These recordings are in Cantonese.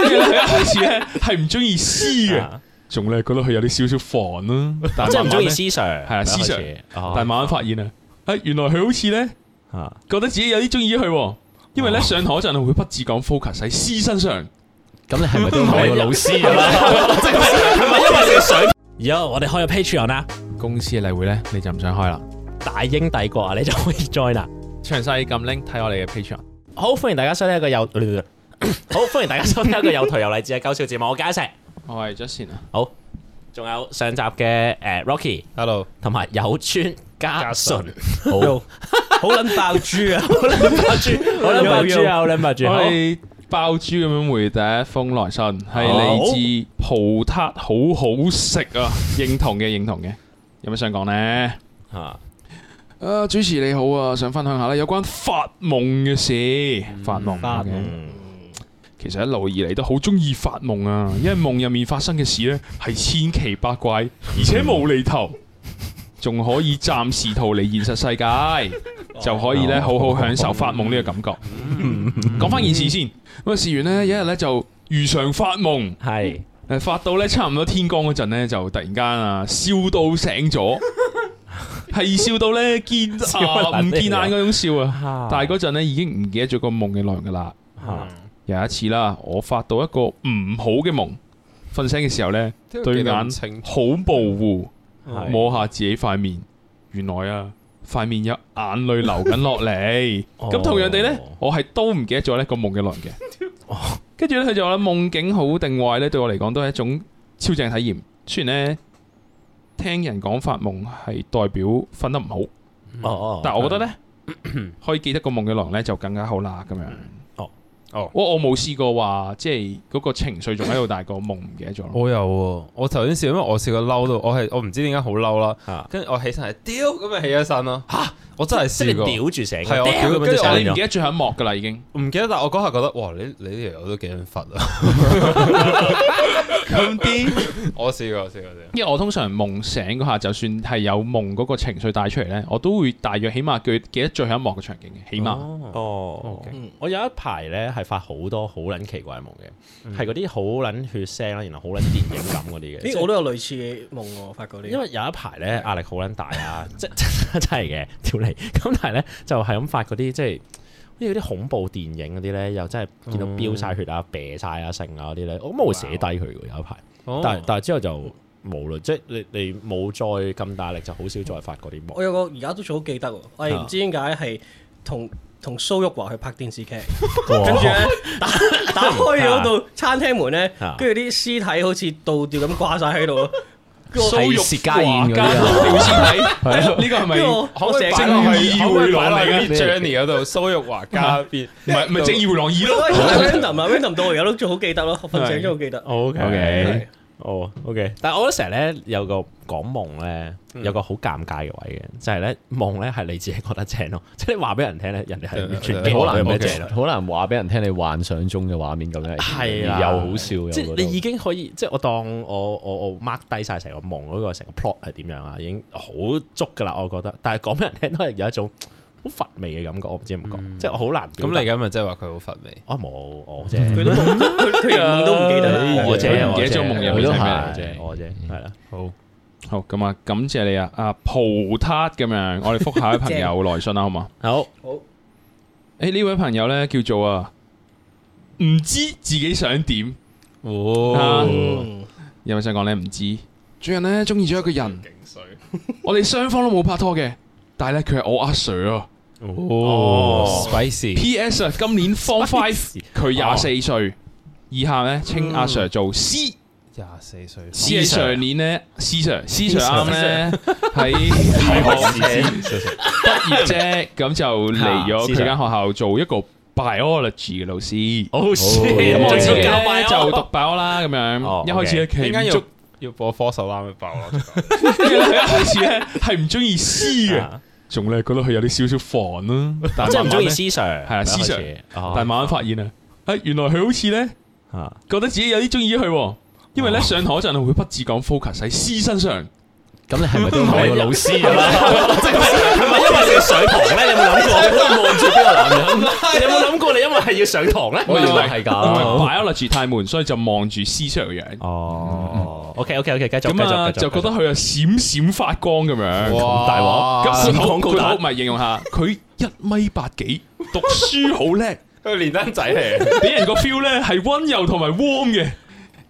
佢一開始咧係唔中意詩嘅，仲咧 覺得佢有啲少少煩咯。真係唔中意詩 Sir 係啊詩 Sir 但係慢慢發現咧，係、啊、原來佢好似咧，覺得自己有啲中意佢。因為咧上堂嗰陣會不只講 focus 喺詩身上，咁你係咪都係個老師咁啊？係咪 因為想 個水？而家我哋開咗 Patreon 啦，公司嘅例會咧你就唔想開啦。大英帝國啊，你就可以 join 啦。詳細撳 link 睇我哋嘅 Patreon。好，歡迎大家收睇一個有。好，歡迎大家收聽一個又頹又勵志嘅搞笑節目，我加一齊。我係 Justin 啊。好，仲有上集嘅誒 Rocky，Hello，同埋有村加淳，好，好捻爆豬啊，好捻爆豬，好捻爆豬好捻爆豬。我哋爆豬咁樣回第一封來信，係嚟自葡撻，好好食啊！認同嘅，認同嘅，有咩想講呢？啊，啊，主持你好啊，想分享下啦，有關發夢嘅事，發夢其實一路以嚟都好中意發夢啊，因為夢入面發生嘅事呢係千奇百怪，而且無厘頭，仲可以暫時逃離現實世界，就可以咧好好享受發夢呢個感覺。講、嗯、翻件事先，咁啊、嗯，事完呢，一日咧就如常發夢，係是發到咧差唔多天光嗰陣呢，就突然間啊笑到， 笑到醒咗，係、啊、笑到咧見牙唔見眼嗰種笑啊，但係嗰陣呢已經唔記得咗個夢嘅內容噶啦。 有一次啦，我發到一個唔好嘅夢，瞓醒嘅時候呢，對眼睛好模糊，的摸下自己塊面，原來啊塊面有眼淚流緊落嚟，咁 同樣地呢， 我係都唔記得咗呢個夢嘅內容嘅。跟住 呢，佢就話啦，夢境好定壞呢，對我嚟講都係一種超正體驗。雖然呢，聽人講發夢係代表瞓得唔好，嗯嗯、但我覺得呢，的可以記得個夢嘅內容呢，就更加好啦，咁樣。嗯哦，我冇試過話，即係嗰個情緒仲喺度，但係個夢唔記得咗。我有，我頭先試，因為我試過嬲到，我係我唔知點解好嬲啦，跟住我起身係，屌咁咪起咗身咯，吓我真係先屌住醒，係啊，屌咁，跟住我唔記得最後一幕噶啦，已經唔記得，但我嗰下覺得，哇，你你呢條友都幾樣佛啊。咁癲，我試過，試過，試過。因為我通常夢醒嗰下，就算係有夢嗰個情緒帶出嚟咧，我都會大約起碼記得最後一幕嘅場景嘅，起碼。哦，我有一排咧係發好多好撚奇怪夢嘅，係嗰啲好撚血腥啦，然後好撚電影感嗰啲嘅。呢咦，我都有類似嘅夢喎，我發過啲。因為有一排咧，壓力好撚大啊，即係 真係嘅條脷。咁但係咧，就係咁發嗰啲，即係好似啲恐怖電影嗰啲咧，又真係見到飆晒血啊、啤晒啊、剩啊嗰啲咧。我咁冇寫低佢嘅，有一排。哦、但係但係之後就冇喇，即係你你冇再咁大力，就好少再發嗰啲夢。我有個而家都仲好記得，我唔知點解係同。 同蘇玉華去拍電視劇，跟住咧打打開嗰度餐廳門咧，跟住啲屍體好似倒吊咁掛曬喺度。蘇玉華演嗰啲，屍體呢個係咪好似《精二回廊》嗰啲 Jenny 嗰度？蘇玉華加邊？唔係唔係《精二回廊二》咯？Wendy 啊，Wendy 到而家都仲好記得咯，瞓醒都好記得。OK。哦、oh，OK，但係我覺得成日咧有個講夢咧，有個好尷尬嘅位嘅，就係、是、咧夢咧係你自己覺得正咯，即係你話俾人聽咧，人哋係完全好難咩正，好難話俾人聽你幻想中嘅畫面咁樣，係、啊、又好笑，嘅、啊。即係你已經可以，即係我當我我我 mark 低晒成個夢嗰個成個 plot 係點樣啊，已經好足噶啦，我覺得，但係講俾人聽都係有一種。好乏味嘅感覺，我唔知點講，即係我好難。咁你咁咪，即係話佢好乏味？啊冇，我即係佢都夢都唔記得，我即係做夢又唔記得啫，我即係啦。好，好咁啊！感謝你啊！阿蒲塔咁樣，我哋覆下啲朋友來信啦，好嘛？好好。誒，呢位朋友咧叫做啊，唔知自己想點？哦，有冇想講咧？唔知，主人咧中意咗一個人，我哋雙方都冇拍拖嘅。但係咧，佢係我阿 Sir 啊！哦，Spicy。P.S. 啊，今年 Four Five，佢廿四歲以下咧，稱阿 Sir 做 C。廿四歲。C 上年咧，C Sir，C Sir 啱咧，喺大學畢業啫，咁就嚟咗佢間學校做一個 biology 嘅老師。哦，最衰咧就讀 bio 啦，咁樣。一開始咧，點解要要播 four 手拉咪爆啊？佢一開始咧係唔中意 C 嘅。仲咧覺得佢有啲少少煩咯，但係真係唔鍾意思 Sir。係啊思 Sir， Sir, 始但係慢慢發現啊，哎、oh. 原來佢好似咧，oh. 覺得自己有啲鍾意咗佢，因為咧、oh. 上堂嗰陣會不自覺 focus 喺思身上。咁你係咪都係個老師啦？係咪因為你要上堂咧？有冇諗過？好多人望住邊個男人？有冇諗過你因為係要上堂咧？我以為係咁，biology 太悶，所以就望住師長嘅樣。哦。OK，OK，OK，繼續。咁啊，就覺得佢啊閃閃發光咁樣。哇！咁大鑊。咁先廣告大。唔係形容下，佢一米八幾，讀書好叻，佢練丹仔嚟，俾人個 feel 咧係温柔同埋 warm 嘅。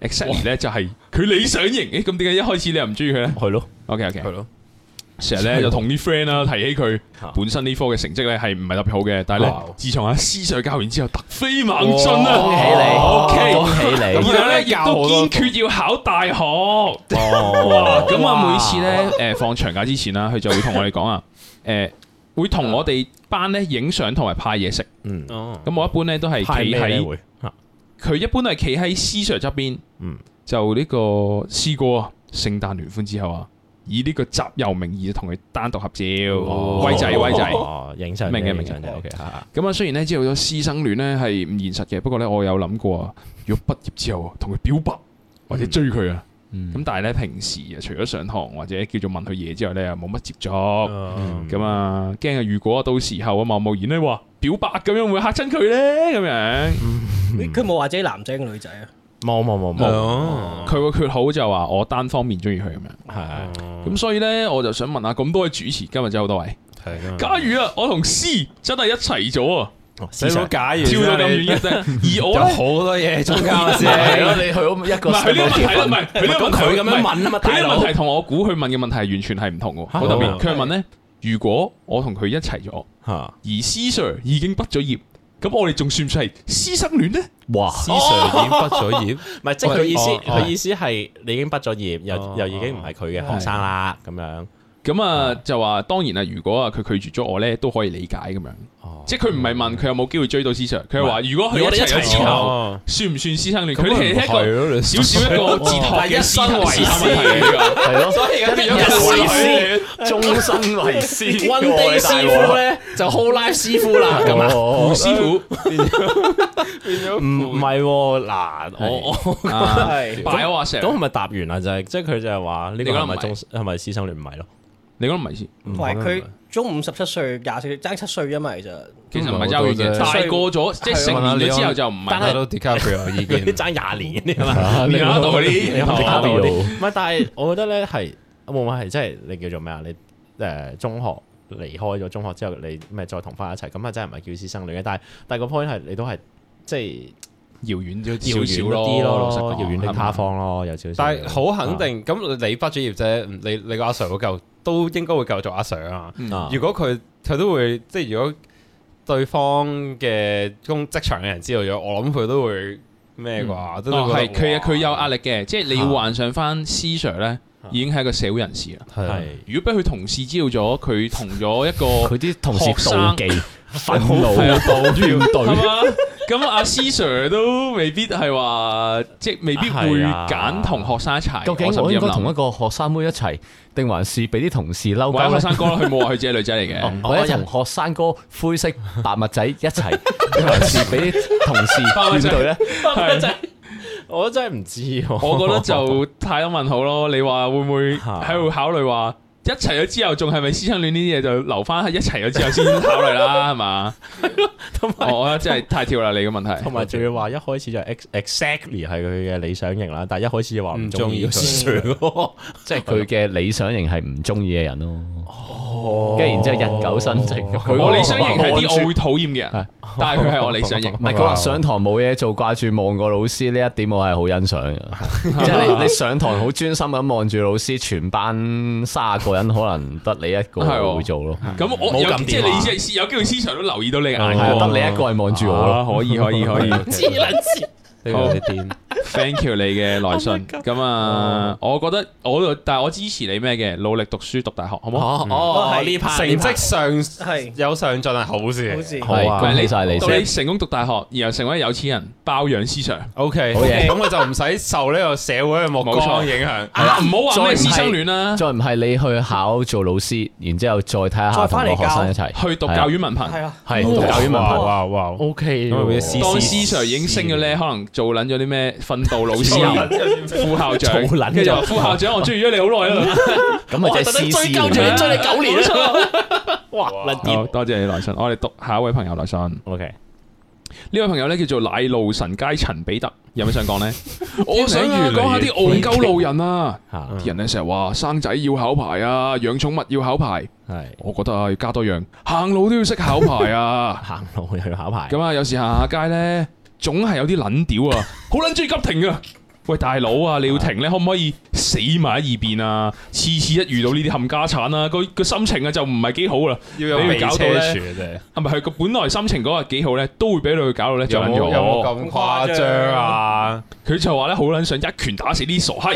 except 咧就係佢理想型。咁點解一開始你又唔中意佢咧？係咯。O K，O K，係咯，成日咧就同啲 friend 啦提起佢本身呢科嘅成績咧係唔係特別好嘅，但係咧自從阿思 Sir 教完之後，突飛猛進啊！恭喜你，恭喜你！咁樣咧又都堅決要考大學。哇！咁啊，每次咧誒放長假之前啦，佢就會同我哋講啊，誒會同我哋班咧影相同埋派嘢食。嗯，咁我一般咧都係企喺，佢一般都係企喺思 Sir 側邊。嗯，就呢個思哥啊，聖誕聯歡之後啊。以呢個集郵名義同佢單獨合照，威仔威仔，影相明嘅明相 OK 嚇。咁啊，雖然咧知道咗師生戀咧係唔現實嘅，不過咧我有諗過，如果畢業之後同佢表白或者追佢啊，咁但係咧平時啊，除咗上堂或者叫做問佢嘢之外咧，又冇乜接觸，咁啊驚啊！如果到時候啊貿貿然咧話表白咁樣會嚇親佢咧，咁樣，佢冇話自己男仔定女仔啊？冇冇冇冇，佢個缺好就係話我單方面中意佢咁樣，係咁所以咧，我就想問下咁多位主持今日真係好多位。假如啊，我同 C 真係一齊咗啊！Sir，假如跳到咁遠嘅聲，而我好多嘢中間，係咯，你去一個。唔係呢個問題，唔係佢咁佢咁樣問啊嘛。但係問題同我估佢問嘅問題係完全係唔同嘅，好特別。佢問咧，如果我同佢一齊咗，而 C Sir 已經畢咗業。咁我哋仲算唔算係師生戀呢？哇嘩！師已經畢咗業，唔係即係佢意思，佢 意思係你已經畢咗業， 又 又，又已經唔係佢嘅學生啦，咁 樣。咁啊，就話當然啊，如果啊佢拒絕咗我咧，都可以理解咁樣。即係佢唔係問佢有冇機會追到 Sir，佢係話如果佢一齊之後，算唔算師生戀？佢哋一個小少一個姿態一身為師，係咯。所以而家變咗師戀，終身為師。溫蒂師傅咧就好拉師傅啦，咁嘛胡師傅變咗。唔唔係嗱，我我成咁係咪答完啦？就係即係佢就係話呢個係咪宗係咪師生戀唔係咯？你講唔係先，唔係佢中五十七歲，廿四爭七歲啫嘛，其實其實唔係爭嘅啫，大過咗即係成年咗之後就唔係。都係爭廿年嗰啲啊嘛，年級度嗰啲，年級度嗰啲。唔係，但係我覺得咧係冇冇係即係你叫做咩啊？你誒中學離開咗中學之後，你咩再同翻一齊咁啊？真係唔係叫師生戀嘅，但係但係個 point 係你都係即係。遙遠少少咯，老實講，遙遠的他方咯，有少少。但係好肯定，咁你畢咗業啫，你你個阿 Sir 好夠都應該會繼續做阿 Sir 啊。如果佢佢都會，即係如果對方嘅工職場嘅人知道咗，我諗佢都會咩啩？係佢佢有壓力嘅。即係你要幻想翻 Sir 咧，已經係一個社會人士啦。係。如果俾佢同事知道咗，佢同咗一個佢啲同事妒煩憤怒， 啊，都要對啊，咁阿 Sir 都未必係話，即係未必會揀同學生一齊。啊、究竟我應該同一個學生妹一齊，定還是俾啲同事嬲？搵學生哥，佢冇話佢只係女仔嚟嘅。 哦、或者同學生哥灰色白襪仔一齊，定 還是俾啲同事面對咧？白襪仔，我真係唔知。 我覺得就太多問號咯。你話會唔會喺度考慮話？一齊咗之後，仲係咪師生戀呢啲嘢就留翻喺一齊咗之後先考慮啦，係嘛 吧？同埋，我覺得真係太跳啦你嘅問題。同埋仲要話一開始就 exactly 係佢嘅理想型啦，但係一開始喜 就話唔中意佢，即係佢嘅理想型係唔中意嘅人咯。 哦，跟住然之後日久生情，佢我理想型係啲我會討厭嘅人，但係佢係我理想型。唔係佢話上堂冇嘢做，掛住望個老師呢一點我係好欣賞嘅，即係你上堂好專心咁望住老師，全班卅個人可能得你一個會做咯。咁我即係你意思係有機會思想都留意到你眼㗎，得你一個人望住我咯。可以可以可以。呢好，Thank you 你嘅來信，咁啊，我覺得我但係我支持你咩嘅，努力讀書讀大學，好唔好？哦呢排，成績上係有上進係好事，好事，係，恭喜晒你，到你成功讀大學，然後成為有錢人，包養師長，ok，咁我就唔使受呢個社會嘅目光影響，係啦，唔好話咩師生戀啦，再唔係你去考做老師，然之後再睇下同個學生一齊去讀教員文憑，係啊，係讀教員文憑，哇哇，ok，當師長已經升咗咧，可能。做捻咗啲咩訓導老師副校長，跟住副校長，我中意咗你好耐啦。咁咪就係師師長追你九年哇！多謝你來信，我哋讀下一位朋友來信。OK，呢位朋友咧叫做奶路臣街陳彼得。有咩想講呢？我想講下啲戇鳩路人啊，啲人咧成日話生仔要考牌啊，養寵物要考牌。係，我覺得啊，要加多樣，行路都要識考牌啊，行路又要考牌。咁啊，有時行下街咧。總係有啲撚屌啊，好撚中意急停啊！喂，大佬啊，你要停咧，可唔可以死埋喺二邊啊？次次一遇到呢啲冚家產啊，個個心情啊就唔係幾好啦。要有車柱嘅啫。啊，係咪，佢本來心情嗰日幾好咧，都會俾佢搞到咧就有咁誇張啊！佢、啊、就話咧好撚想一拳打死啲傻閪。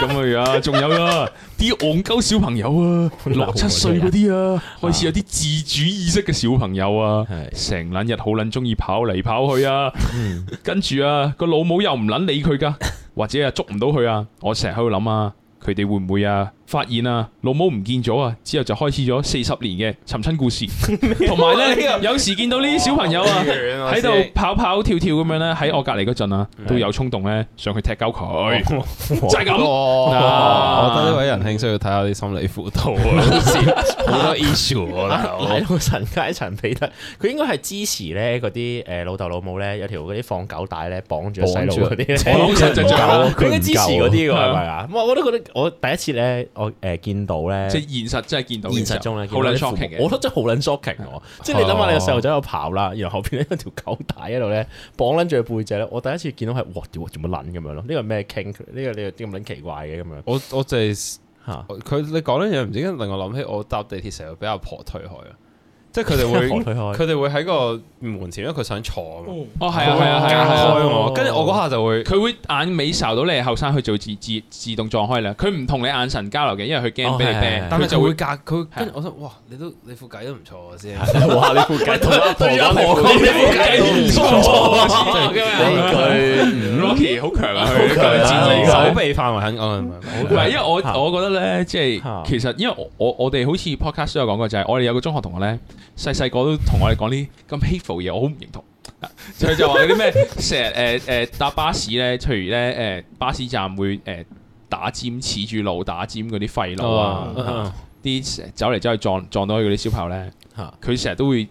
咁啊樣，仲有啊。啲戇鳩小朋友啊，六七歲嗰啲啊，開始有啲自主意識嘅小朋友啊，成日好捻中意跑嚟跑去啊， 跟住啊，個老母又唔捻理佢噶，或者啊捉唔到佢啊，我成日喺度諗啊，佢哋會唔會啊？發現啊，老母唔見咗啊，之後就開始咗四十年嘅尋親故事。同埋咧，有時見到呢啲小朋友啊，喺度跑跑跳跳咁樣咧，喺我隔籬嗰陣啊，都有衝動咧，上去踢狗佢。就係咁啊！我覺得呢位仁兄需要睇下啲心理輔導啊，好多 issue 喎。層加一層，彼得佢應該係支持咧嗰啲誒，老豆老母咧有條嗰啲放狗帶咧綁住細路嗰啲。我支持狗，佢應該支持嗰啲噶。係咪啊？唔，我都覺得我第一次咧。我誒、呃、見到咧，即係現實，真係見到現實，現實中咧，好撚 shocking 我覺得真係好撚 shocking。即係你諗下，你個細路仔喺度跑啦，然後後邊呢有條狗帶喺度咧綁撚住佢背脊咧。我第一次見到係，哇！點解咁撚咁樣咯？呢個咩傾？呢個呢個點咁撚奇怪嘅咁樣？樣樣樣樣樣我我就係嚇佢，你講呢樣唔知點解令我諗起我搭地鐵成日俾阿婆推開啊。即係佢哋會，佢哋會喺個門前，因為佢想坐啊嘛。哦，係啊，係啊，隔開我。跟住我嗰下就會，佢會眼尾受到你後生去做自自自動撞開啦。佢唔同你眼神交流嘅，因為佢驚俾你啤。但佢就會隔，佢跟住，我想，哇！你都你副計都唔錯先。哇！你副計同阿何哥副計唔錯啊！真係嘅。你佢 Loki 好強啊！好強啊！手臂範圍很廣啊！唔係，因為我我覺得咧，即係其實因為我我哋好似 podcast 都有講過，就係我哋有個中學同學咧。細細個都同我哋講啲咁 hateful 嘢，我好唔認同。佢 就話嗰啲咩，成日誒誒搭巴士咧，譬如咧誒、呃、巴士站會誒、呃、打尖，似住路打尖嗰啲廢佬啊，啲、oh, uh, uh, uh, 走嚟走去撞撞到佢嗰啲小朋友咧，佢成日都會誒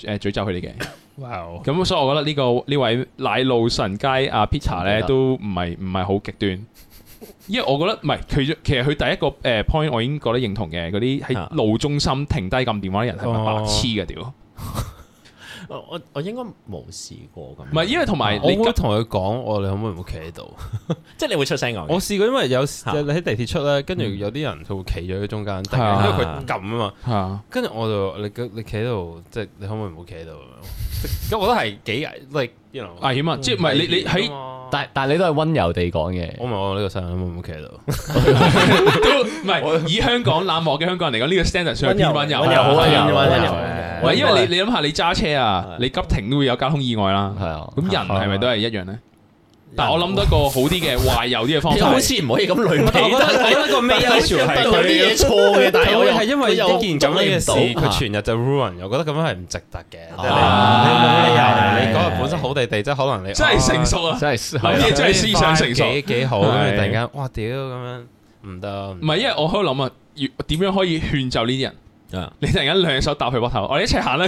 誒詛咒佢哋嘅。咁 Wow 所以我覺得呢、這個呢位奶路神街阿 Pita 咧，都唔係唔係好極端。因為我覺得唔係，其實其實佢第一個誒 point 我已經覺得認同嘅，嗰啲喺路中心停低撳電話啲人係咪白痴嘅屌？我我我應該冇試過咁，唔係，因為同埋我會同佢講，我你可唔可以唔好企喺度？即係你會出聲嘅。我試過，因為有你喺地鐵出咧，跟住有啲人佢會企咗喺中間，因為佢撳啊嘛。跟住我就你你企喺度，即係你可唔可以唔好企喺度？即係我覺得係幾誒，你。危險啊！即係唔係你你喺，但但係你都係溫柔地講嘅。我問我呢個聲音會唔會企喺度？都唔係以香港冷漠嘅香港人嚟講，呢個 standard 上，溫柔。溫柔好啊，溫柔。唔係因為你你諗下，你揸車啊，你急停都會有交通意外啦。係啊，咁人係咪都係一樣咧？但我諗到個好啲嘅壞有啲嘅方法，好似唔可以咁累。我覺得睇得個咩一條係啲嘢錯嘅，但係我係因為有件咁樣嘅事，佢全日就 ruin。我覺得咁樣係唔值得嘅。你嗰日本身好地地，即係可能你真係成熟啊！真係啲嘢真係思想成熟，幾幾好。咁突然間，哇屌咁樣唔得。唔係因為我可以諗啊，點樣可以勸就呢啲人？你突然間兩手搭佢膊頭，我哋一齊行啦。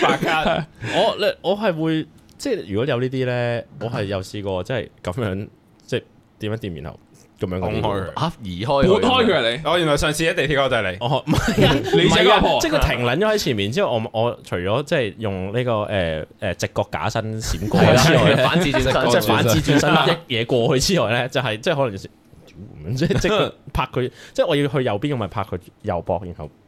白家，我你我係會。即係如果有呢啲咧，我係有試過，即係咁樣，即係掂一掂，然後咁樣。掕開，啊移開，撥開佢你、啊！我原來上次喺地鐵度就係你。哦，唔係你自己阿即係佢停撚咗喺前面、啊、之後，我我除咗即係用呢個誒誒直角假身閃過去之外，反轉身，即係反轉身一嘢過去之外咧， 就係即係可能、就是、 即係即係拍佢，即、就、係、是、我要去右邊，我咪拍佢右膊，然後。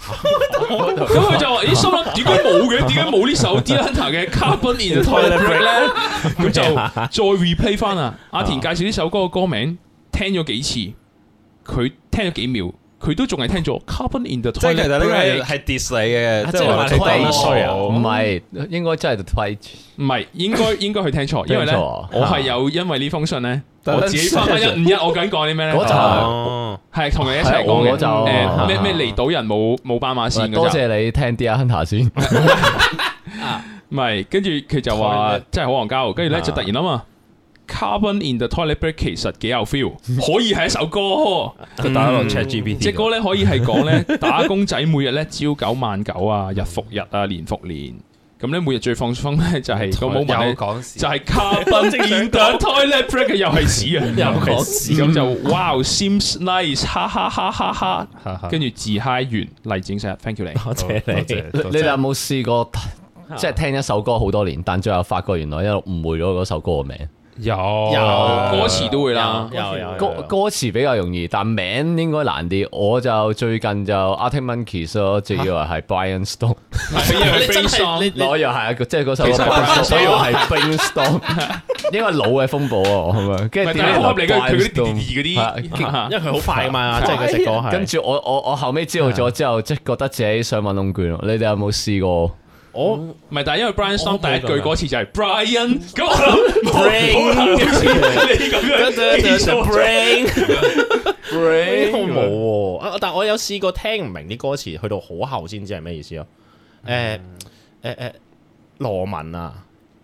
咁 佢、哦、 就話咦心諗，點解冇嘅？點解冇呢首 d a n 嘅 Carbon in the Twilight 咧？佢就再 replay 翻啊！ 阿田介紹呢首歌嘅歌名，聽咗幾次，佢聽咗幾秒，佢都仲係聽咗 Carbon in the Twilight、就是、s 係跌死嘅，即係話佢係衰啊！唔係，應該真係退，唔係應該應該佢聽錯， 聽錯了因為咧我係有因為呢封信咧。啊嗯我自己翻翻一五一，我緊講啲咩咧？嗰集係同人一齊講嘅，誒咩咩離島人冇冇斑馬線嘅？多謝你聽啲阿亨達先，唔係跟住佢就話真係好戇鳩，跟住咧就突然啊嘛。Carbon in the toilet break 其實幾有 feel，可以係一首歌。佢打咗落 Chat GPT，隻歌咧可以係講咧打工仔每日咧朝九晚九啊，日復日啊，年復年。咁你每日最放鬆咧就係個冇問題，就係咖啡直上台 toilet break 又係屎啊！又講屎咁就，哇！seems nice，哈哈哈哈哈，跟住自嗨完，黎展上，thank you 你，多謝你。你哋有冇試過即係聽一首歌好多年，但最後發覺原來一路誤會咗嗰首歌嘅名？有有歌詞都會啦，有，歌歌詞比較容易，但名應該難啲。我就最近就《Arctic Monkeys》，我最以為係《Brian Stone》，係啊，你真係攞又係啊，即係嗰首。其實以為係《Brianstorm》，因為老嘅風暴啊，係咪？跟住你配合你佢嗰啲第二嗰啲，因為佢好快啊嘛，即係佢直講係。跟住我我我後尾知道咗之後，即係覺得自己想揾窿捐，你哋有冇試過？哦，唔係，但係因為 Brian Song 第一句歌詞就係、是、Brian，我冇啊！但係我有試過聽唔明啲歌詞，去到好後先知係咩意思咯。誒誒誒，羅、欸欸、文啊，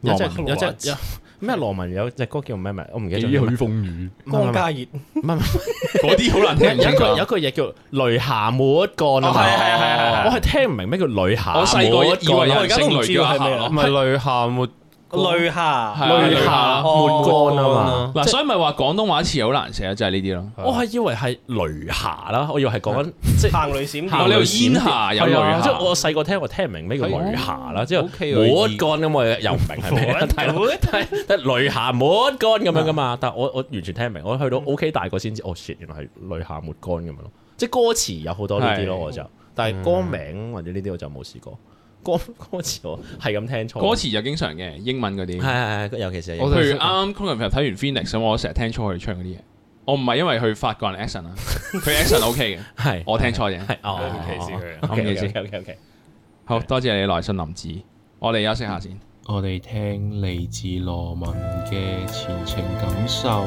文有隻，有隻。有咩羅文有隻歌叫咩咩？我唔記得。咗。幾許風雨，光加熱，唔係嗰啲好難聽。有一句有句嘢叫雷霞」，冇一個，係係係係。我係聽唔明咩叫雷霞」。我細個以為我而家都唔知係咩咯。唔係雷霞冇。雷下，雷下，抹乾啊嘛！嗱，所以咪話廣東話詞好難寫，就係呢啲咯。我係以為係雷霞啦，我以為係講緊即係行雷閃，我呢度煙霞，有雷霞。即係我細個聽，我聽唔明咩叫雷霞啦。之後抹乾咁啊，又唔明係咩？但係雷下抹乾咁樣噶嘛。但係我我完全聽唔明。我去到 OK 大個先知，哦 shit 原來係雷下抹乾咁樣咯。即係歌詞有好多呢啲咯，我就。但係歌名或者呢啲我就冇試過。歌歌詞我係咁聽錯，歌詞就經常嘅英文嗰啲，係係係，尤其是譬如啱啱 c o n a 睇完，完 Phoenix，我成日聽錯佢唱嗰啲嘢。我唔係因為佢發個人 action 啊，佢 action O K 嘅，係我聽錯嘅。 哦，尤其是佢，咁意思。OK OK OK，okay 好多謝你來信林子，我哋休息下先。我哋聽嚟自羅文嘅前程錦繡。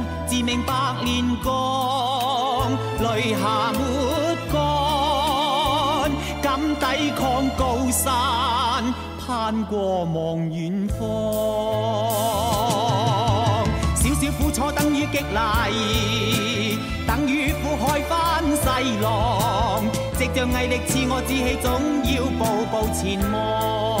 自命百煉鋼，淚下沒乾，敢抵抗高山，攀過望遠方。少少苦楚等於激勵，等於苦海翻細浪，藉着毅力自我志氣，總要步步前望。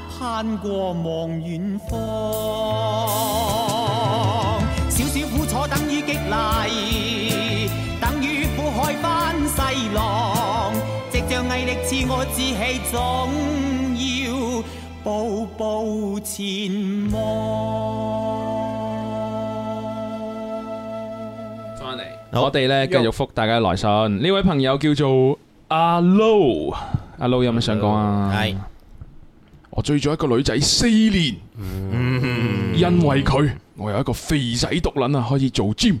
攀過望遠方，少少苦楚等於激勵，等於苦海翻細浪，藉着毅力我自我志氣，總要步步前望。翻嚟你，好我哋咧繼續覆大家嘅來信。呢用位朋友叫做阿 Low，阿 Low 有咩想講啊？係。我追咗一個女仔四年，嗯、因為佢，我有一個肥仔毒撚啊，開始做 gym，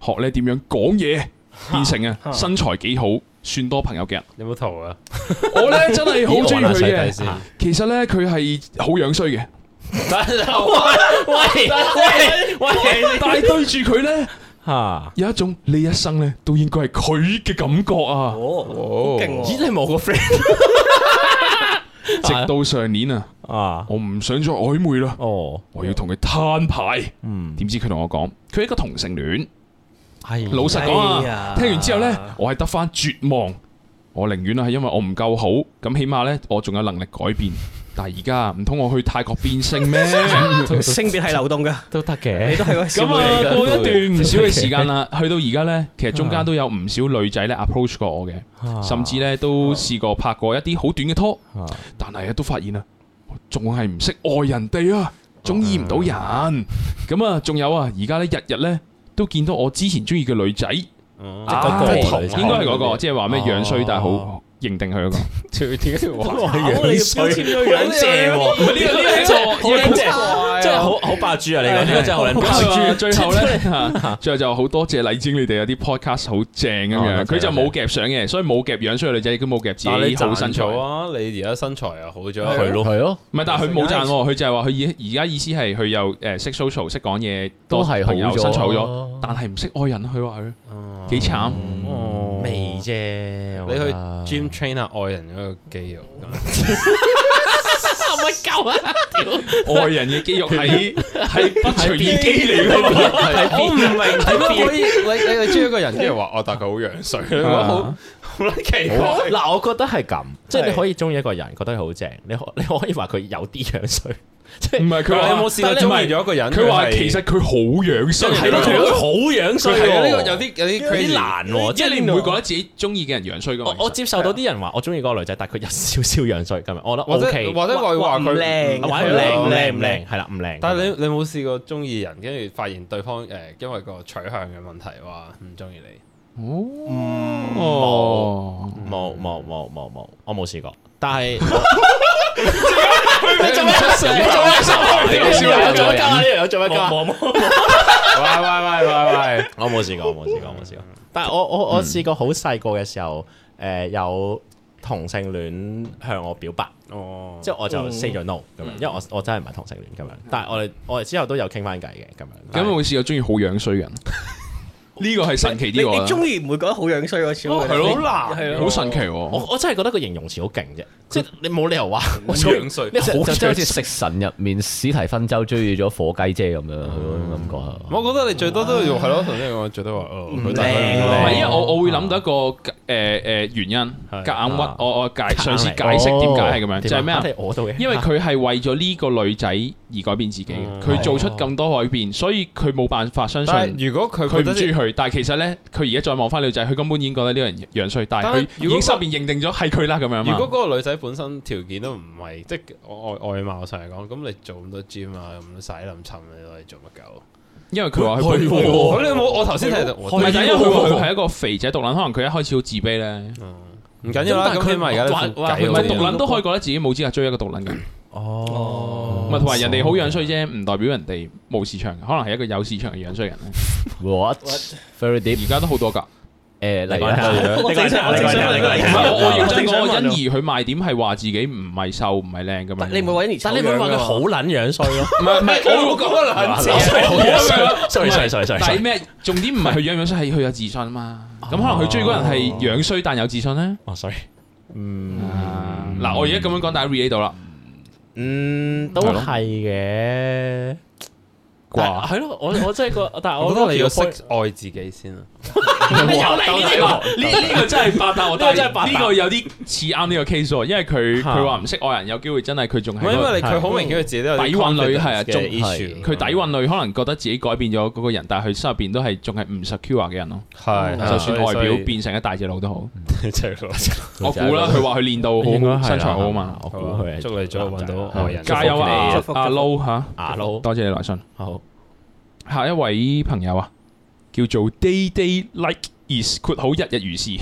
學咧點樣講嘢，變成啊身材幾好，算多朋友嘅人。你有冇圖啊？我咧真係好中意佢嘅，其實咧佢係好樣衰嘅。喂喂喂喂，但係對住佢咧，吓有一種呢一生咧都應該係佢嘅感覺啊！哦，好勁，係我個 friend？ 直到上年啊，我唔想再曖昧啦，哦、我要同佢攤牌。嗯，點知佢同我講，佢係一個同性戀。係、哎呀，老實講啊，聽完之後呢，我係得翻絕望。我寧願啊，係因為我唔夠好，咁起碼呢，我仲有能力改變。但而家唔通我去泰國變性咩？性別係流動嘅，都得嘅。咁啊，過一段唔少嘅時間啦，去到而家呢，其實中間都有唔少女仔呢 approach 過我嘅，甚至呢都試過拍過一啲好短嘅拖，但係都發現啊，仲係唔識愛人哋啊，中意唔到人。咁啊，仲有啊，而家呢日日呢都見到我之前中意嘅女仔，即係嗰個，應該係嗰個，即係話咩樣衰但係好。認定佢個，點解要衰？好衰，好謝，呢個呢個做好快，真係好好霸珠啊！你個呢個真係好靚。最後咧，最後就好多謝禮志你哋有啲 podcast 好正咁樣，佢就冇夾相嘅，所以冇夾樣衰女仔，都冇夾住。但係你賺咗啊！你而家身材又好咗，係咯係咯。唔係，但係佢冇讚，佢就係話佢而家意思係佢又誒識 social 識講嘢，都係好身材好咗，但係唔識愛人，佢話佢幾慘。你去 gym trainer 愛人嗰個肌肉，有乜鳩啊？愛人嘅肌肉係係變肌肉，我唔明。可以 你你你中意一個人，跟住話我，但佢好樣衰咧，好好奇怪。嗱，我覺得係咁，即係是你可以中意一個人，覺得佢好正，你可你可以話佢有啲樣衰。即係唔係佢話有冇試過？你中意咗一個人，佢話其實佢好樣衰，係咯，好樣衰。係有啲有啲佢啲難，即係你唔會覺得自己中意嘅人樣衰咁。我我接受到啲人話我中意嗰個女仔，但係佢有少少樣衰。今日我我覺得，或者或者話佢靚，佢靚唔靚唔靚係啦唔靚。但係你你冇試過中意人，跟住發現對方誒，因為個取向嘅問題，話唔中意你哦？冇冇冇冇冇冇，我冇試過。但係。你做咩手？你做咩手？我做咩搞嘢？我做咩搞？喂喂喂喂喂！我冇試過，冇試過，冇試過。但係我我我試過好細個嘅時候，誒、呃、有同性戀向我表白，哦，即係我就 say 咗 no 咁樣，嗯、因為我我真係唔係同性戀咁樣。但係我哋我哋之後都有傾翻偈嘅咁樣。咁會試過中意好樣衰人。呢個係神奇啲喎！你你中意唔會覺得好樣衰嗰次？哦，係咯，好難，係咯，好神奇喎！我我真係覺得個形容詞好勁啫，即係你冇理由話我樣衰，即係即係好似食神入面史提芬周追住咗火雞姐咁樣嗰種感覺。我覺得你最多都係咯，頭先我最多話，哦，靚。唔係因為我我會諗到一個誒誒原因，夾硬屈，我我解，嘗試解釋點解係咁樣，就係咩啊？係我做嘅，因為佢係為咗呢個女仔而改變自己嘅，佢做出咁多改變，所以佢冇辦法相信。但係如果佢佢唔中意佢。但係其實咧，佢而家再望翻女仔，佢根本已經覺得呢個人樣衰，但係佢已經心入面認定咗係佢啦咁樣。如果嗰個女仔本身條件都唔係，即係外外貌上嚟講，咁你做咁多 gym 啊，咁使咁襯你嚟做乜狗？因為佢話佢播，咁你有冇我頭先睇到，唔係就因為佢係一個肥仔獨撚，可能佢一開始好自卑咧。唔、嗯、緊要啦，佢唔係獨撚都可以覺得自己冇資格追一個獨撚嘅。哦。同埋人哋好樣衰啫，唔代表人哋冇市場，可能係一個有市場嘅樣衰人咧。What very deep？而家都好多㗎。誒，嚟講下。我認真講，欣怡佢賣點係話自己唔係瘦唔係靚㗎嘛。你唔好話但你唔好話佢好撚樣衰咯。唔係，唔係好個撚樣衰。衰衰衰衰衰。但咩？重點唔係佢樣樣衰，係佢有自信嘛。咁可能佢追嗰人係樣衰但有自信咧。哦，所以嗯嗱，我而家咁樣講，大家 relate 到啦。嗯，都係嘅。係咯，我我真係覺，但係我覺得你要識愛自己先啊。呢個呢個真係發但我都真係發呢個有啲似啱呢個 case 喎，因為佢佢話唔識愛人，有機會真係佢仲係，因為佢好明顯佢自己都有底蘊女係啊，仲 issue 佢底蘊女可能覺得自己改變咗嗰個人，但係佢心入邊都係仲係唔 secure 嘅人咯。就算外表變成一大隻佬都好，我估啦，佢話佢練到身材好啊嘛，我估佢。祝你早日揾到愛人，加油啊阿 Loo，多謝你來信，下一位朋友啊，叫做 Day Day Like Is，括號日日如是，佢、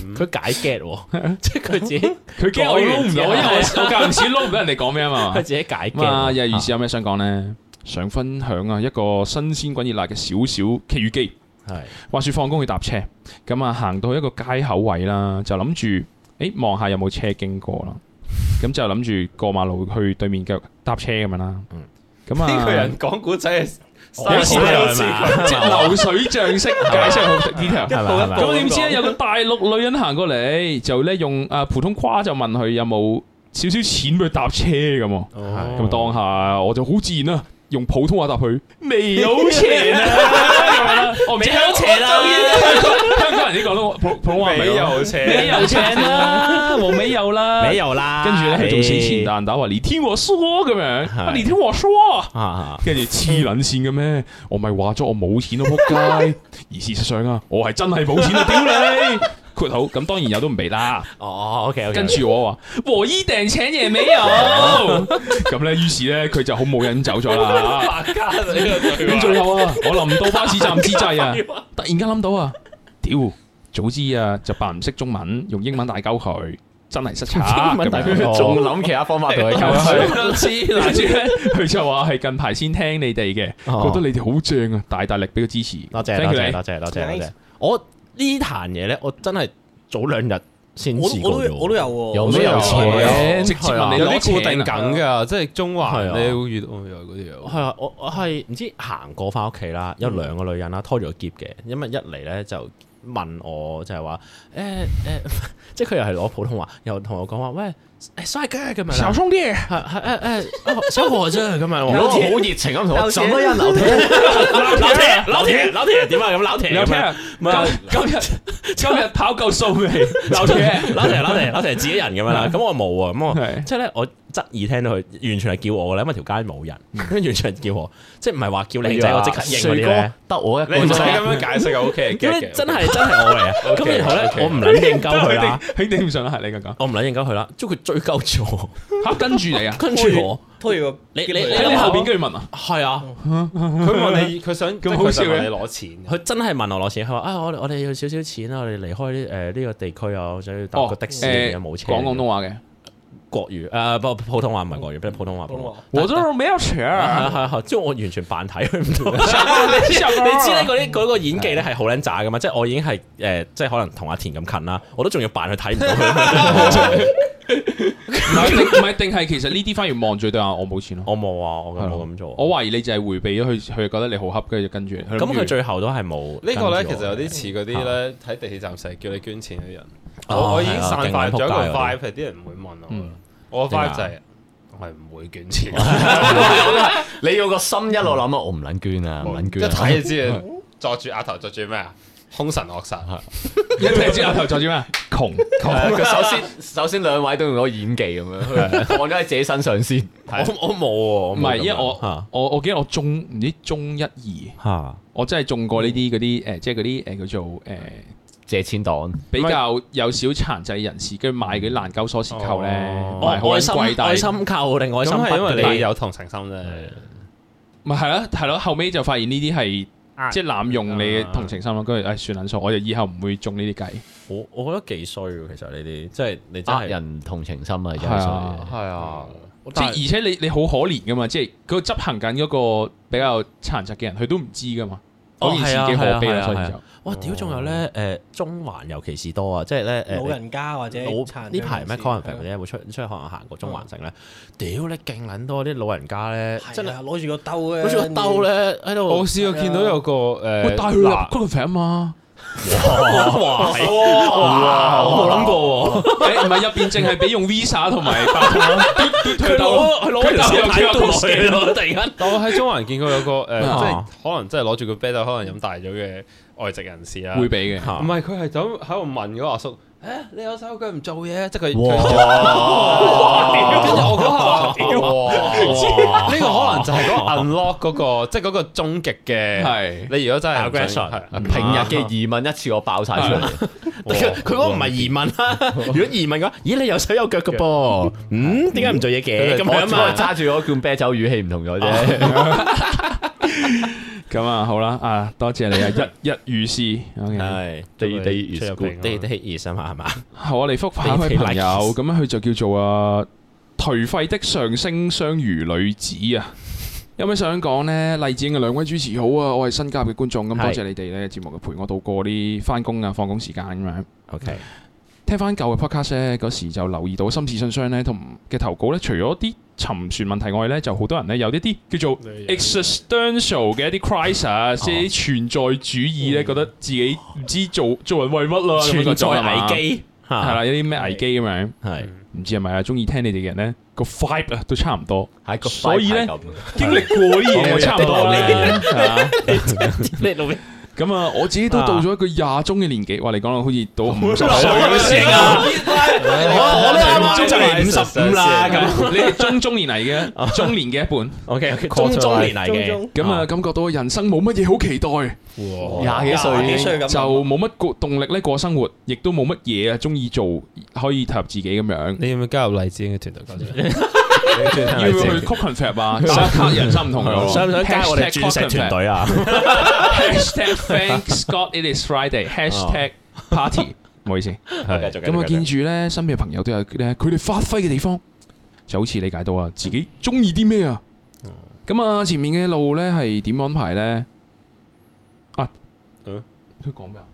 嗯、 解 get，即係佢自己，佢驚我撈唔到， 因為我 我夠唔錢撈唔到人哋講咩啊嘛，佢 自己解 get。日日如是有咩想講咧？啊、想分享啊一個新鮮滾熱辣嘅少少奇遇記。係是，話說放工去搭車，咁啊行到一個街口位啦，就諗住誒望下有冇車經過啦，咁就諗住過馬路去對面嘅搭車咁樣啦。咁啊呢個人講古仔哦、有好似流水賬式解釋好 detail 係嘛？咁點 知咧，有個大陸女人行過嚟，就咧用啊普通話就問佢有冇少少錢去搭車咁哦？咁當下我就好自然啦、啊，用普通話答佢：未有錢啊！ 我未有錢啦！香港人呢個都普普通話，未有錢，未有錢啦，我未有啦，未有啦。跟住咧仲前前單打話，你聽我說，咁樣，你聽我說。跟住黐捻線嘅咩？我咪話咗我冇錢到撲街，而事實上啊，我係真係冇錢啊，屌你！括好，咁，當然有都唔俾啦。哦，OK 跟住我話和衣訂請夜未？」油，咁咧，於是咧，佢就好冇癮走咗啦。白加啊！仲有啊？我臨到巴士站之際啊，突然間諗到啊，屌！早知啊，就扮唔識中文，用英文大鳩佢，真係失策。仲諗其他方法嚟溝佢。知，但係佢就話係近排先聽你哋嘅，覺得你哋好正啊，大大力俾個支持。多謝多謝多謝多謝我。呢壇嘢咧，我真係早兩日先試過咗。我都有喎、啊，有咩事咧？有你攞、啊、固定緊㗎，即係、啊、中環。係啊，你會遇到嗰啲嘢。係啊，哎、啊，我我係唔知行過翻屋企啦，有兩個女人啦，拖住個喼嘅，因為一嚟咧就。問我就係話，誒、哎、誒，即係佢又係攞普通話，又同、欸 yeah，我講話，喂，誒 thank you 咁樣，少充啲，係係收貨啫咁樣，好熱情咁同我，做乜呀？老鐵，老鐵，老鐵，老鐵，點啊？咁老鐵，老鐵，今日今日跑夠數未？老鐵，老鐵，老鐵，老鐵，自己人咁樣啦，咁我冇啊，咁我即係咧我。質疑聽到佢完全係叫我咧，因為條街冇人，完全係叫我，即係唔係話叫你仔，我即刻認佢咧，得我一個，你唔使咁樣解釋啊，O K，咁咧真係真係我嚟啊，咁然後咧我唔捻認交佢啦，肯定唔想啦，係你講，我唔捻認交佢啦，即佢追究咗，吓跟住你啊，跟住我，推住你你喺後邊跟住問啊，係啊，佢問你，佢想咁好笑嘅，攞錢，佢真係問我攞錢，佢話啊，我我哋要少少錢啊，我哋離開誒呢個地區啊，我想要搭個的士冇車，講廣東話嘅。國語誒，不普通話唔係國語，不普通話。普通話我都冇咩有即係我完全扮睇佢唔到。你知咧嗰啲嗰演技咧係好僆渣噶嘛？即係我已經係誒，即係可能同阿田咁近啦，我都仲要扮去睇唔到佢。唔係定係其實呢啲反而望住對眼，我冇錢，我冇啊，我冇咁做。我懷疑你就係迴避咗佢，佢覺得你好恰，跟住跟住。咁佢最後都係冇。呢個咧其實有啲似嗰啲咧，喺地鐵站成日叫你捐錢嗰啲人。我已經散發咗一個 f 啲人唔會問我。我翻就係，我係唔會捐錢。你要個心一路諗啊，我唔撚捐啊，唔撚捐。一睇就知啊，作住額頭作住咩啊？凶神惡煞啊！一睇知額頭作住咩？窮窮。首先首先兩位都用咗演技咁樣，我而家喺自己身上先。我我冇喎。唔係因為我我我記得我中唔知中一二嚇，我真係中過呢啲啲誒，即係嗰啲誒叫做誒。借錢黨比較有少殘疾人士，跟住買嗰啲爛鳩鎖匙扣咧，賣好鬼心愛心扣定愛心筆？因為你有同情心啫。咪係啦，係咯，後尾就發現呢啲係即係濫用你嘅同情心咯。跟住誒，算撚數，我就以後唔會中呢啲計。我我覺得幾衰喎，其實呢啲即係你真係人同情心啊，真啊，即而且你你好可憐噶嘛，即係佢執行緊嗰個比較殘疾嘅人，佢都唔知噶嘛，嗰件事幾可悲啊，所以就。哇！屌，仲有咧？誒，中環尤其是多啊，即係咧誒老人家或者呢排咩可能 n 或者會出出去可能行過中環城咧？屌，你勁撚多啲老人家咧，真係攞住個兜咧，個兜咧喺度。我試過見到有個誒，但係佢入啊嘛，哇！冇諗過喎，唔係入邊淨係俾用 Visa 同埋突然間，我喺中環見過有個誒，即係可能真係攞住個啤可能飲大咗嘅。外籍人士啊，會俾嘅，唔係佢係咁喺度問嗰個阿叔，誒你有手有腳唔做嘢？即係佢，哇！跟住我講嚇，哇！呢個可能就係嗰個 unlock 嗰個，即係嗰個終極嘅。係你如果真係平日嘅疑問一次我爆晒出嚟，佢嗰個唔係疑問啊。如果疑問嘅話，咦你有手有腳嘅噃？嗯，點解唔做嘢嘅？咁樣啊，揸住我罐啤酒語氣唔同咗啫。咁啊，好啦，啊，多謝你啊，日日如是，係 day day 如是，day day 如是嘛，係嘛？好啊，嚟覆下一位朋友，咁樣佢就叫做啊頹廢的上升雙魚女子啊，有咩想講呢？勵志嘅兩位主持好啊，我係新加入嘅觀眾，咁多謝你哋呢節目嘅陪我度過啲翻工啊、放工時間咁樣。OK。聽翻舊嘅 podcast 咧，嗰時就留意到心事信箱咧，同嘅投稿咧，除咗啲沉船問題外咧，就好多人咧有啲啲叫做 existential 嘅一啲 crisis，即係啲存在主義咧，覺得自己唔知做做人為乜啦。存在危機，係啦，有啲咩危機咁樣，係唔知係咪啊？中意聽你哋嘅人咧，個 vibe 啊都差唔多，所以咧經歷過啲嘢，差唔多你你老味。咁啊，我自己都到咗一個廿中嘅年紀，話嚟講啦，好似到五十歲啦，中年五十五啦，咁你係中中年嚟嘅，中年嘅一半，OK，中中年嚟嘅，咁啊，感覺到人生冇乜嘢好期待，廿幾歲就冇乜個動力咧過生活，亦都冇乜嘢啊，中意做可以投入自己咁樣。你有冇加入黎志嘅團隊？要唔要去 Conference 啊？想吸引新朋友，想唔想加我哋鑽石團隊啊？Hashtag thanks God it is Friday. Hashtag party，唔好意思，係咁啊！見住咧，身邊嘅朋友都有咧，佢哋發揮嘅地方就好似理解到啊，自己中意啲咩啊？咁啊，前面嘅路咧係點安排咧？啊，佢講咩啊？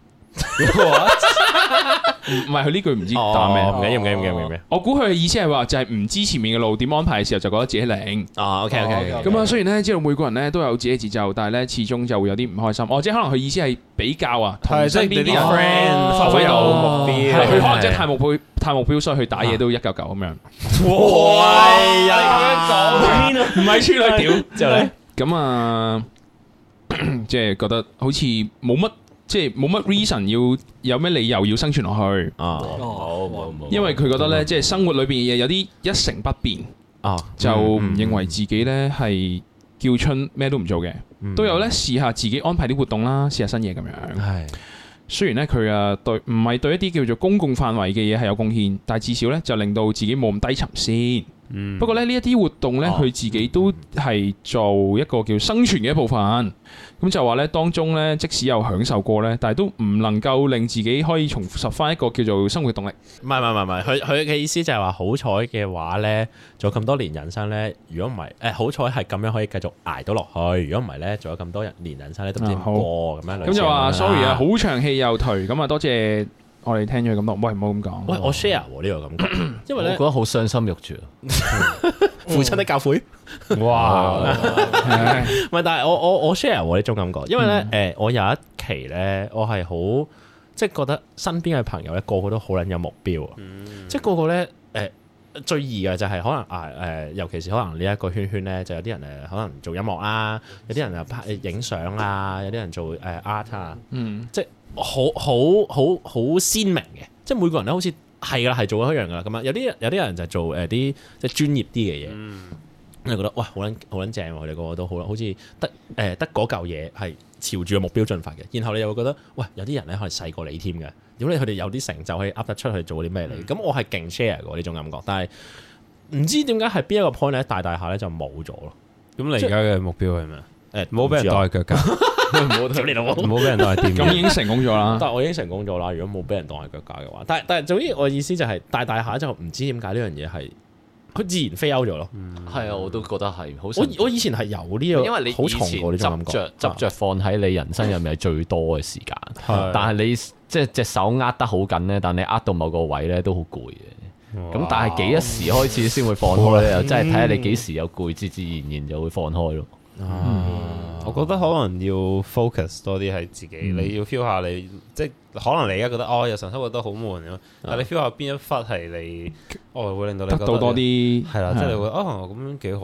唔唔係佢呢句唔知講咩，唔緊要，唔緊要，唔緊要，我估佢嘅意思係話就係唔知前面嘅路點安排嘅時候就覺得自己靚啊。OK OK。咁啊，雖然咧知道每個人咧都有自己節奏，但係咧始終就會有啲唔開心。哦，即係可能佢意思係比較啊，同身邊啲人發揮有目標，佢可能即係太目標太目標，所以去打嘢都一嚿嚿咁樣。哇！咁樣走，唔係天啊！屌就咧咁啊，即係覺得好似冇乜。即係冇乜 reason 要有咩理由要生存落去啊！因為佢覺得咧，即係、啊、生活裏邊嘅嘢有啲一成不變啊，就唔認為自己咧係、嗯、叫春咩都唔做嘅，嗯、都有呢，試下自己安排啲活動啦，試下新嘢咁樣。係雖然呢、啊，佢啊對唔係對一啲叫做公共範圍嘅嘢係有貢獻，但至少呢，就令到自己冇咁低沉先。嗯、不過咧，呢一啲活動呢，佢、哦、自己都係做一個叫生存嘅一部分。咁、嗯嗯、就話呢，當中呢，即使有享受過呢，但係都唔能夠令自己可以重拾翻一個叫做生活嘅動力。唔係唔係唔係，佢佢嘅意思就係話好彩嘅話咧，做咁多年人生呢，如果唔係誒好彩係咁樣可以繼續挨到落去。如果唔係呢，仲有咁多年人生呢，都唔知咁樣。咁就話 sorry 啊，好長氣又頹。咁啊，多謝。我哋聽咗咁多，喂，唔好咁講。喂，我 share 呢個感覺， 因為咧，我覺得好傷心欲絕 。父親的教誨，哇！唔係，但係我我我 share 呢種感覺，因為咧，誒、嗯呃，我有一期咧，我係好即係覺得身邊嘅朋友咧，個個都好捻有目標，嗯、即係個個咧，誒、呃，最易嘅就係可能啊，誒、呃，尤其是可能呢一個圈圈咧，就有啲人誒，可能做音樂啊，有啲人又拍影相啊，有啲人做誒 art 啊，嗯，即係。好好好好鮮明嘅，即係每個人，人即、嗯、個人都好似係㗎，係做一樣㗎啦。咁啊，有啲有啲人就做誒啲即係專業啲嘅嘢，你就覺得哇，好撚好撚正喎！我哋個個都好啦，好似得誒得嗰嚿嘢係朝住個目標進發嘅。然後你又會覺得，喂，有啲人咧可能細過你添嘅，如果你佢哋有啲成就可以噏得出去做啲咩嚟。」咁、嗯、我係勁 share 㗎呢種感覺，但係唔知點解係邊一個 point 咧？大大，大下咧就冇咗咯。咁即你而家嘅目標係咩？誒，冇俾、欸、人當係腳架，冇你老母，冇俾人當係腳架咁已經成功咗啦，但係我已經成功咗啦。 如果冇俾人當係腳架嘅話， 但但係總之，我意思就係、是、大大下就唔知點解呢樣嘢係，佢自然 fail 咗咯。係、嗯、啊，我都覺得係好我。我以前係有呢、這、樣、個，因為你好前執著執著放喺你人生入面係最多嘅時間，嗯、但係你即係隻手握得好緊咧，但你握到某個位咧都好攰嘅。咁哇但係幾一時開始先會放開咧，又、嗯、真係睇下你幾時有攰，自自然然就會放開咯。啊，我覺得可能要 focus 多啲喺自己，你要 feel 下你，即係可能你而家覺得，哦，日常生活都好悶咯。但係你 feel 下邊一忽係你，哦，會令到你得到多啲，係啦，即你會，哦，咁樣幾好，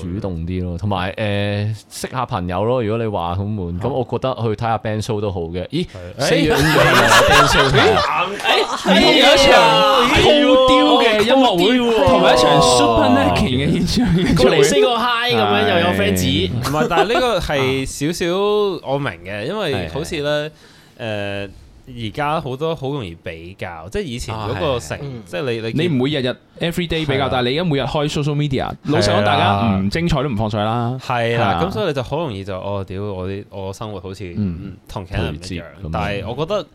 主動啲咯。同埋誒，識下朋友咯。如果你話好悶，咁我覺得去睇下 band show 都好嘅。咦，四月有 band show？誒，係啊，好。音樂會同埋一場 super lucky 嘅演唱。個嚟四 是的 個嗨咁樣又有 fans。唔係，但係呢個係少少我明嘅，因為好似咧誒，而家好多好容易比較，即係以前嗰個成，啊嗯、即係你你你唔會日日 every day 比較，是的 但係你而家每日開 social media，的老實講，大家唔的、嗯、精彩都唔放水啦。係啦，咁所以你就好容易就哦，屌我啲我生活好似嗯，同其他人唔一樣，嗯、但係我覺得。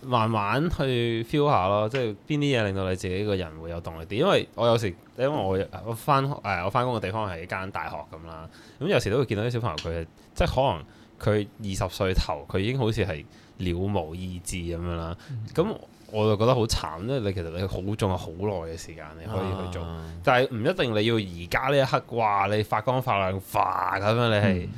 慢慢去 feel 下咯，即係邊啲嘢令到你自己個人會有動力啲。因為我有時，因為我我翻誒、哎、我翻工嘅地方係一間大學咁啦，咁、嗯、有時都會見到啲小朋友佢，即係可能佢二十歲頭佢已經好似係了無意志咁樣啦。咁、嗯嗯、我就覺得好慘咧。你其實你好仲有好耐嘅時間你可以去做，啊、但係唔一定你要而家呢一刻話你發光發亮發咁樣，你係。嗯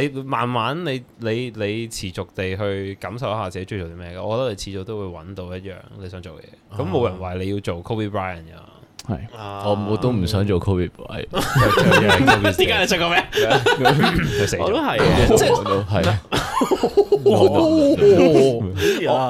你慢慢，你你你持續地去感受一下自己中意做啲咩嘅。我覺得你遲早都會揾到一樣你想做嘅嘢。咁冇人話你要做 Kobe Bryant 㗎。係，我我都唔想做 Kobe Bryant。點解你食過咩？我都係，即係係。我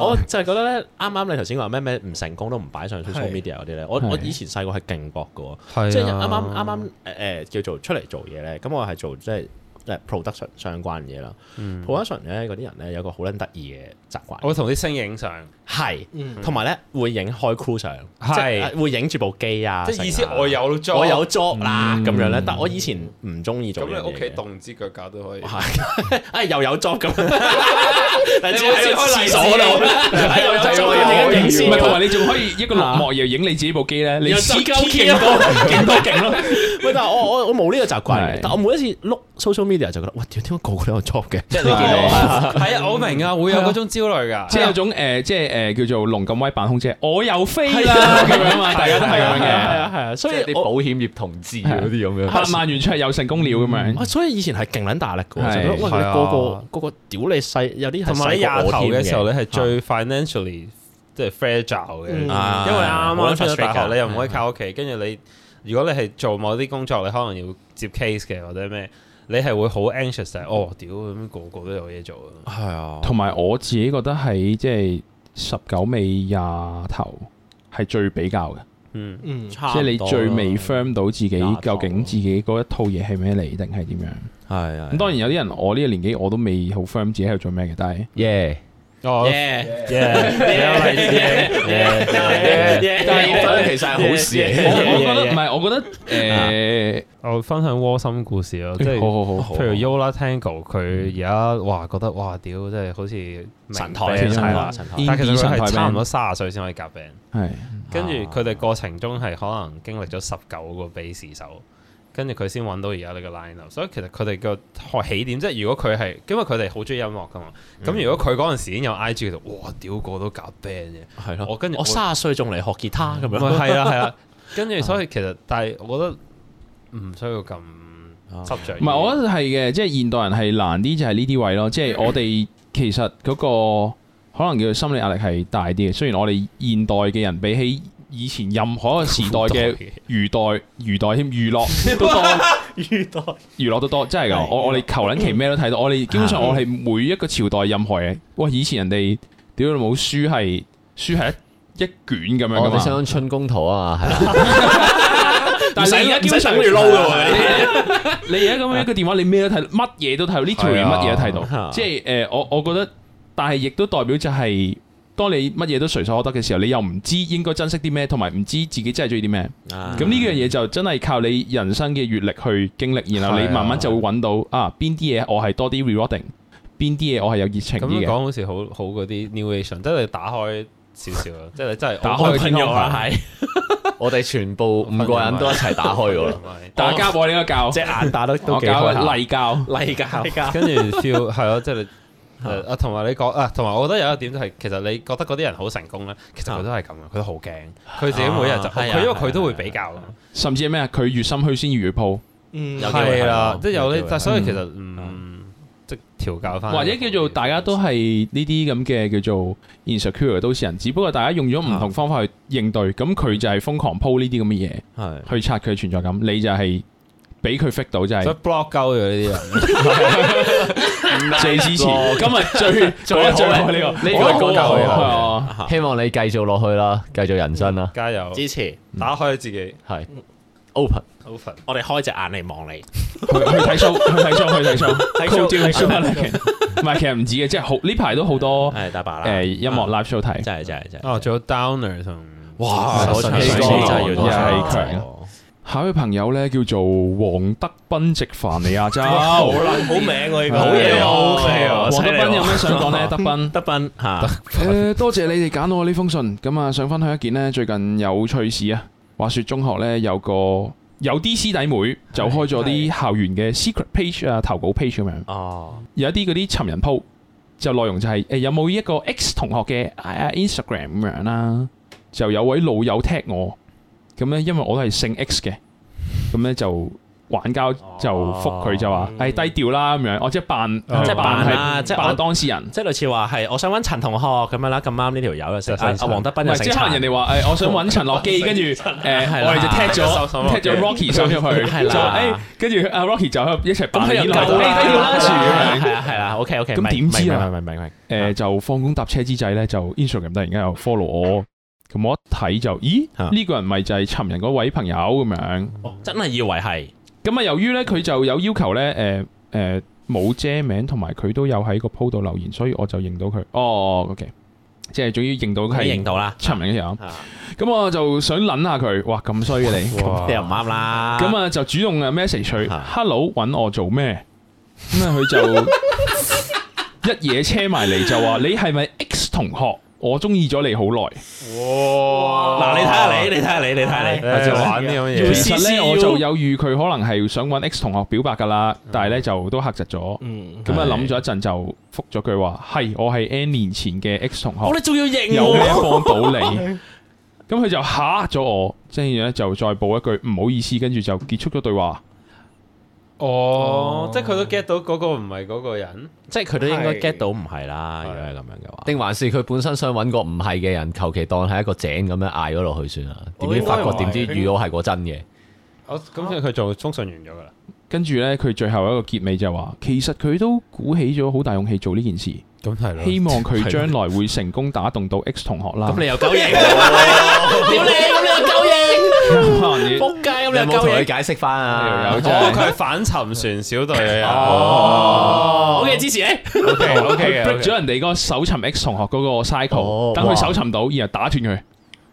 我就係覺得咧，啱啱你頭先話咩咩唔成功都唔擺上 social media 嗰啲咧。我我以前細個係勁搏㗎喎，即係啱啱啱啱誒叫做出嚟做嘢咧。咁我係做即係。即係 production 相關嘢啦，production 咧嗰啲人咧有個好撚得意嘅習慣，我同啲星影相，係，同埋咧會影開 crew 相，即係會影住部機啊，即係意思我有 job，我有 job 啦咁樣咧，但我以前唔中意做，咁你屋企戙支腳架都可以，係，啊又有 job 咁，你開始開廁所度，唔係同埋你仲可以一個落幕，而影你自己部機咧，你黐筋勁多，勁多勁咯。我我我冇呢個習慣，但我每一次碌 social media 就覺得，哇！點解個個都有 job 嘅？即係你見到我？係啊，我明啊，會有嗰種焦慮㗎。即係有種誒，即係誒叫做龍咁威扮空姐，我又飛啦咁樣大家都係咁嘅。係啊，係啊。所以你保險業同志嗰啲咁樣。百萬完全係有成功了咁樣。所以以前係勁撚大力㗎。係啊。個個個個屌你細，有啲係廿頭嘅時候，你係最 financially 即係 fragile 嘅。因為啱啱出嚟大學，你又唔可以靠屋企，跟住你。如果你係做某啲工作，你可能要接 case 嘅或者咩，你係會好 anxious 嘅。哦，屌咁個個都有嘢做啊！係啊，同埋我自己覺得係即係十九尾廿頭係最比較嘅。嗯嗯，即係、嗯、你最未 firm 到自己究竟自己嗰一套嘢係咩嚟定係點樣？係啊。咁、啊嗯、當然有啲人，我呢個年紀我都未好 firm 自己喺度做咩嘅，但係 y、yeah. 哦，其實係好事，我覺得唔係，我覺得誒，我分享窩心故事咯，即係好好好，譬如 Yola Tango 佢而家話覺得哇屌，真係好似神台啊，但係其實佢係差唔多卅歲先可以夾 band。係跟住佢哋過程中係可能經歷咗十九個 bass 手。跟住佢先揾到而家呢個 line 啊，o, 所以其實佢哋個學起點，即係如果佢係，因為佢哋好中意音樂噶嘛，咁、嗯、如果佢嗰陣時已經有 IG，其實哇，屌個都搞 band 嘅，係咯的，我跟住我三十歲仲嚟學吉他咁樣，係啊係啊， 跟住所以其實，但係我覺得唔需要咁執著。唔係、啊因為，我覺得係嘅，即係現代人係難啲，就係呢啲位咯。即係我哋其實嗰、嗰個可能叫心理壓力係大啲嘅。雖然我哋現代嘅人比起以前任何一個時代嘅余代余代添娛樂都多，余代娛樂都多，真係噶的！我我哋求撚期咩都睇到，我哋基本上我哋每一個朝代任何嘢。喂，以前人哋屌你冇書係，書係一卷咁樣。哦、你想睇春宮圖啊， 但係你而家基本上你撈咗， 你而家咁樣一個電話，你咩都睇，乜嘢都睇到，呢條片乜嘢都睇到。即係誒，我我覺得，但係亦都代表就係。當你乜嘢都隨手可得嘅時候，你又唔知應該珍惜啲咩，同埋唔知自己真係中意啲咩。咁呢樣嘢就真係靠你人生嘅閲歷去經歷，然後你慢慢就會揾到啊邊啲嘢我係多啲 rewarding，邊啲嘢我係有熱情啲嘅。講好似好好嗰啲 new a g i o n 即係打開少少，即係真係打開天窗啦。係，我哋全部五個人都一齊打開咗啦。大家我應該教，即係眼打得都幾好。教嚟教教，跟住 f 咯，即係。啊！同埋你講啊，同埋我覺得有一點就係，其實你覺得嗰啲人好成功咧，其實佢都係咁嘅，佢都好驚，佢自己每日就佢因為佢都會比較，甚至係咩啊？佢越心虛先越鋪，嗯，係啦，即係有啲，所以其實嗯，即係調教翻，或者叫做大家都係呢啲咁嘅叫做 insecure 都市人，只不過大家用咗唔同方法去應對，咁佢就係瘋狂鋪呢啲咁嘅嘢，去刷佢存在感，你就係俾佢 fit 到就係，block 鳩咗呢啲人。最支持，今日最最最好呢個呢個歌，希望你繼續落去啦，繼續人生啦，加油！支持，打開自己，係 open open，我哋開隻眼嚟望你，去睇 show，去睇 show，去睇 show，睇 show，唔係其實唔止嘅，即係好呢排都好多，係大把，誒，音樂 live show 睇，真係真係真係，哦，仲有 downers 同，哇，神歌就係袁偉強。下一位朋友咧叫做黃德斌直凡尼亞州，好，好名啊，欸、好嘢啊，OK 啊。黃、哦、德斌有咩想講咧？德斌，德斌吓，誒，嗯、多謝你哋揀我呢封信。咁啊，想分享一件呢。最近有趣事啊。話說中學咧有個有啲師弟妹就開咗啲校園嘅 secret page 啊，投稿 page 咁樣。哦、就是欸，有啲嗰啲尋人 post 就內容就係誒，有冇一個 ex 同學嘅 Instagram 咁樣啦？就有位老友 tag 我。咁咧，因為我都係姓 X 嘅，咁咧就玩交就覆佢就話，誒低調啦咁樣，我即係扮即係扮啦，即係扮當事人，即係類似話係，我想揾陳同學咁樣啦，咁啱呢條友又識阿黃德斌，即係可能人哋話我想揾陳樂基，跟住我哋就踢咗踢咗 Rocky 上入去，跟住阿 Rocky 就喺一齊扮入嚟，低調啦，係啊係啊，OK OK，咁點知啊？唔係唔係唔係，誒就放工搭車之際咧，就 Instagram 突然間又 follow 我，咁我一睇就，咦？呢、啊、個人咪就係尋人嗰位朋友咁樣、哦，真係以為係。咁啊，由於咧佢就有要求咧，誒誒冇遮名，同埋佢都有喺個鋪度留言，所以我就認到佢。哦，哦，OK，即係終於認到佢認到啦，尋人嘅時候。咁我就想撚下佢，哇，咁衰嘅你，咁又唔啱啦。咁啊，就主動嘅 message 佢，hello，、啊、揾我做咩？咁啊， 佢就一嘢車埋嚟就話，你係咪 X 同學？我中意咗你好耐。哇！嗱，你睇下你，你睇下你，你睇下你。就玩呢樣嘢。其實呢，我就有預佢可能係想揾 X 同學表白噶啦，但係呢，就都嚇窒咗。嗯。咁啊，諗咗一陣就復咗句話，係我係 N 年前嘅 X 同學。你仲要認？有咩幫到你？咁佢就吓咗我，即係咧就再補一句唔好意思，跟住就結束咗對話。哦，即係佢都 get 到嗰個唔係嗰個人，即係佢都應該 get 到唔係啦。如果係咁樣嘅話，定還是佢本身想揾個唔係嘅人，求其當係一個井咁樣嗌咗落去算啦。點知發覺點知遇到係個真嘅。咁即係佢做通訊完咗噶啦。跟住呢，佢最後一個結尾就係話，其實佢都鼓起咗好大勇氣做呢件事。咁希望佢將來會成功打動到 X 同學啦。咁你又狗型，屌你！咁又狗型，仆街。咁你有冇同佢解釋翻啊？佢反沉船小隊啊！哦，O K 支持你。O K 嘅，break 咗人哋個搜尋 X 同學嗰個 cycle，等佢搜尋到，然後打斷佢。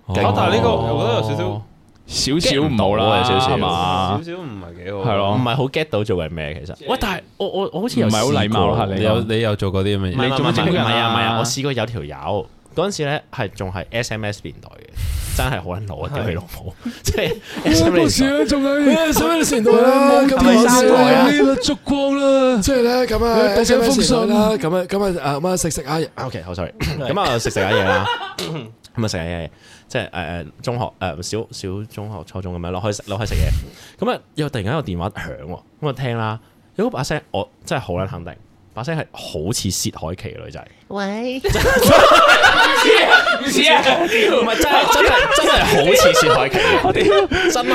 但係呢個我覺得有少少少少唔到啦，有少少係嘛，少少唔係幾好，係咯，唔係好 get 到做為咩其實？喂，但係我我我好似又唔係好禮貌啊！你有你有做過啲咁嘅嘢？唔係啊，唔係啊，我試過有條友。嗰陣時咧，係仲係 SMS 年代嘅，真係好撚攞屌佢老母！即係 SMS 年代啦，咁點算啊？呢粒燭光啦，即係咧，咁啊 SMS 封信啦，咁啊，今日啊，晚食食下嘢。OK，好 sorry，咁啊，食食下嘢啦，咁啊食下嘢，即係誒誒中學誒小小中學初中咁樣落去食落去食嘢，咁啊又突然間有電話響，咁啊聽啦，有把聲我真係好撚肯定。把聲係好似薛凱琪嘅女仔喂，唔似係真係真係真係好似薛凱琪，我屌、like like oh, uh, oh, cool no!，真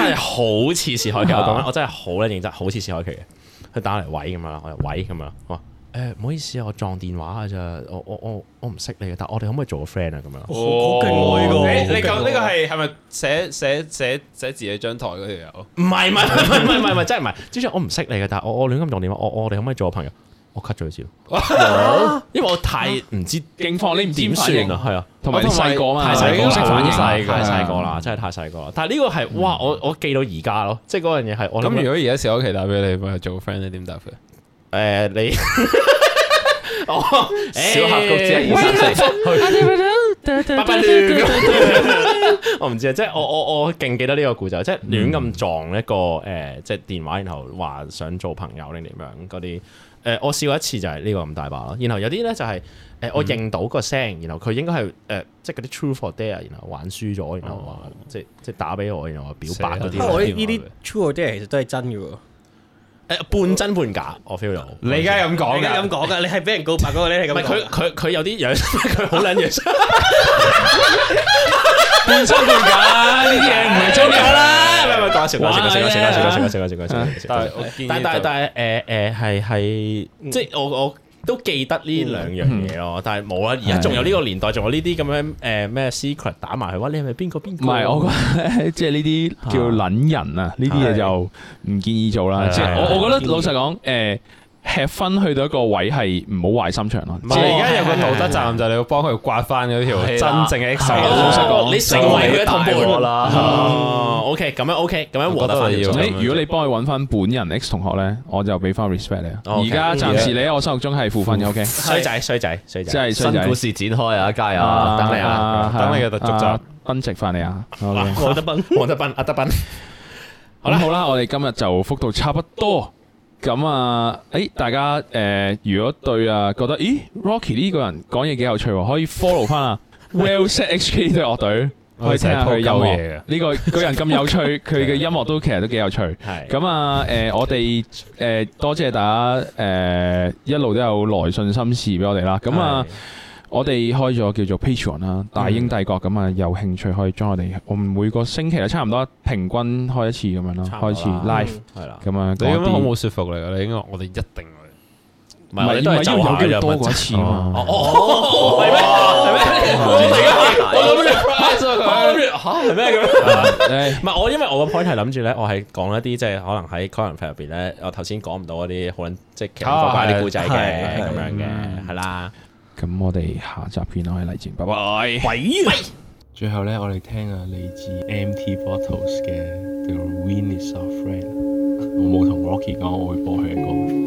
係好似薛凱琪，我講我真係好認真，好似薛凱琪嘅。佢打嚟，喂咁樣，我話喂咁樣，我誒唔好意思啊，我撞電話啊咋？我我我我唔識你嘅，但係我哋可唔可以做個 friend 啊？咁樣，好勁啊，你講呢個係係咪寫寫寫寫字喺張台嗰度？唔係唔係唔係唔係唔係真係唔係？之前我唔識你嘅，但係我我亂咁撞電話，我我哋可唔可以做個朋友？我 cut 最少，因為我太唔知警方你唔知點算啦，係啊，同埋啲細個嘛，太細個，頭已經細，太細個啦，真係太細個。但係呢個係哇，我我記到而家咯，即係嗰樣嘢係。我諗，咁如果而家小柯期小學雞打俾你，咪做 friend 你點答佢？誒你，小學雞只係二十四，拜拜。我唔知啊，即係我我我勁記得呢個故仔，即係亂咁撞一個誒，即係電話，然後話想做朋友咧點樣嗰啲。誒、呃，我笑過一次就係呢個咁大把咯，然後有啲咧就係、是、誒、呃，我認到個聲，然後佢應該係誒、呃，即係嗰啲 truth or dare 然後玩輸咗，然後話、哦、即係即係打俾我，然後話表白嗰啲。呢啲誒誒 truth or dare 其實都係真嘅喎。誒、呃，半真半假，我 feel 我到。你而家咁講嘅，咁講噶，你係俾人告白嗰個咧，係咁。唔，佢佢佢有啲樣，佢好撚樣。唔出呢啲嘢唔係真噶啦，唔係唔係，講笑講笑講笑，講笑講笑講笑，但係我但但但係誒誒係係。呃嗯、即係我我都記得呢兩樣嘢咯。嗯嗯、但係冇啦，而家仲有呢個年代仲有呢啲咁樣、呃、誒咩 secret 打埋去話你係咪邊個邊個？唔係我覺得即係呢啲叫撚人啊，呢啲嘢就唔建議做啦。即係我我覺得老實講誒。呃吃分去到一個位係唔好壞心腸咯，而家有個道德站，就你要幫佢刮翻嗰條真正嘅 X 同學啦。哦，OK，咁樣 OK，咁樣我都係，如果你幫佢揾翻本人 X 同學咧，我就俾翻 respect 你。而家暫時你喺我心目中係負分，OK。衰仔，衰仔，衰仔，即係新故事展開啊，加油，等你啊，等你喺度續集，奔馳翻嚟啊，黃德斌，黃德斌，阿德斌。好啦，好啦，我哋今日就幅度差不多。咁啊！誒，大家誒，如果對啊，覺得咦，Rocky 呢個人講嘢幾有趣喎，可以 follow 返啊。Wellsaid HK 呢個樂隊，可以聽下佢嘅音樂。呢、這個個人咁有趣，佢嘅音樂都其實都幾有趣。係。咁啊，誒，我哋誒多謝大家誒一路都有來信心事俾我哋啦。咁啊。我哋開咗叫做 Patreon 啦，大鷹帝國咁啊，有興趣可以將我哋，我唔每個星期都差唔多平均開一次咁樣咯，開一次 live 係啦，咁啊，你咁樣冇說服力噶，你應該我哋一定去，唔係因為有機會多過一次嘛，哦，係咩？係咩？我諗你吓係咩咁？唔係我因為我個 point 係諗住咧，我係講一啲即係可能喺《柯南》片入邊咧，我頭先講唔到嗰啲好捻即係其他啲古仔嘅咁樣嘅，係啦。咁我哋下集片開嚟前，拜拜。喂，最後呢，我哋聽下嚟自 Emptybottles. 嘅 The Wind is Our Friend 我。我冇同 Rocky 講我會播佢嘅歌。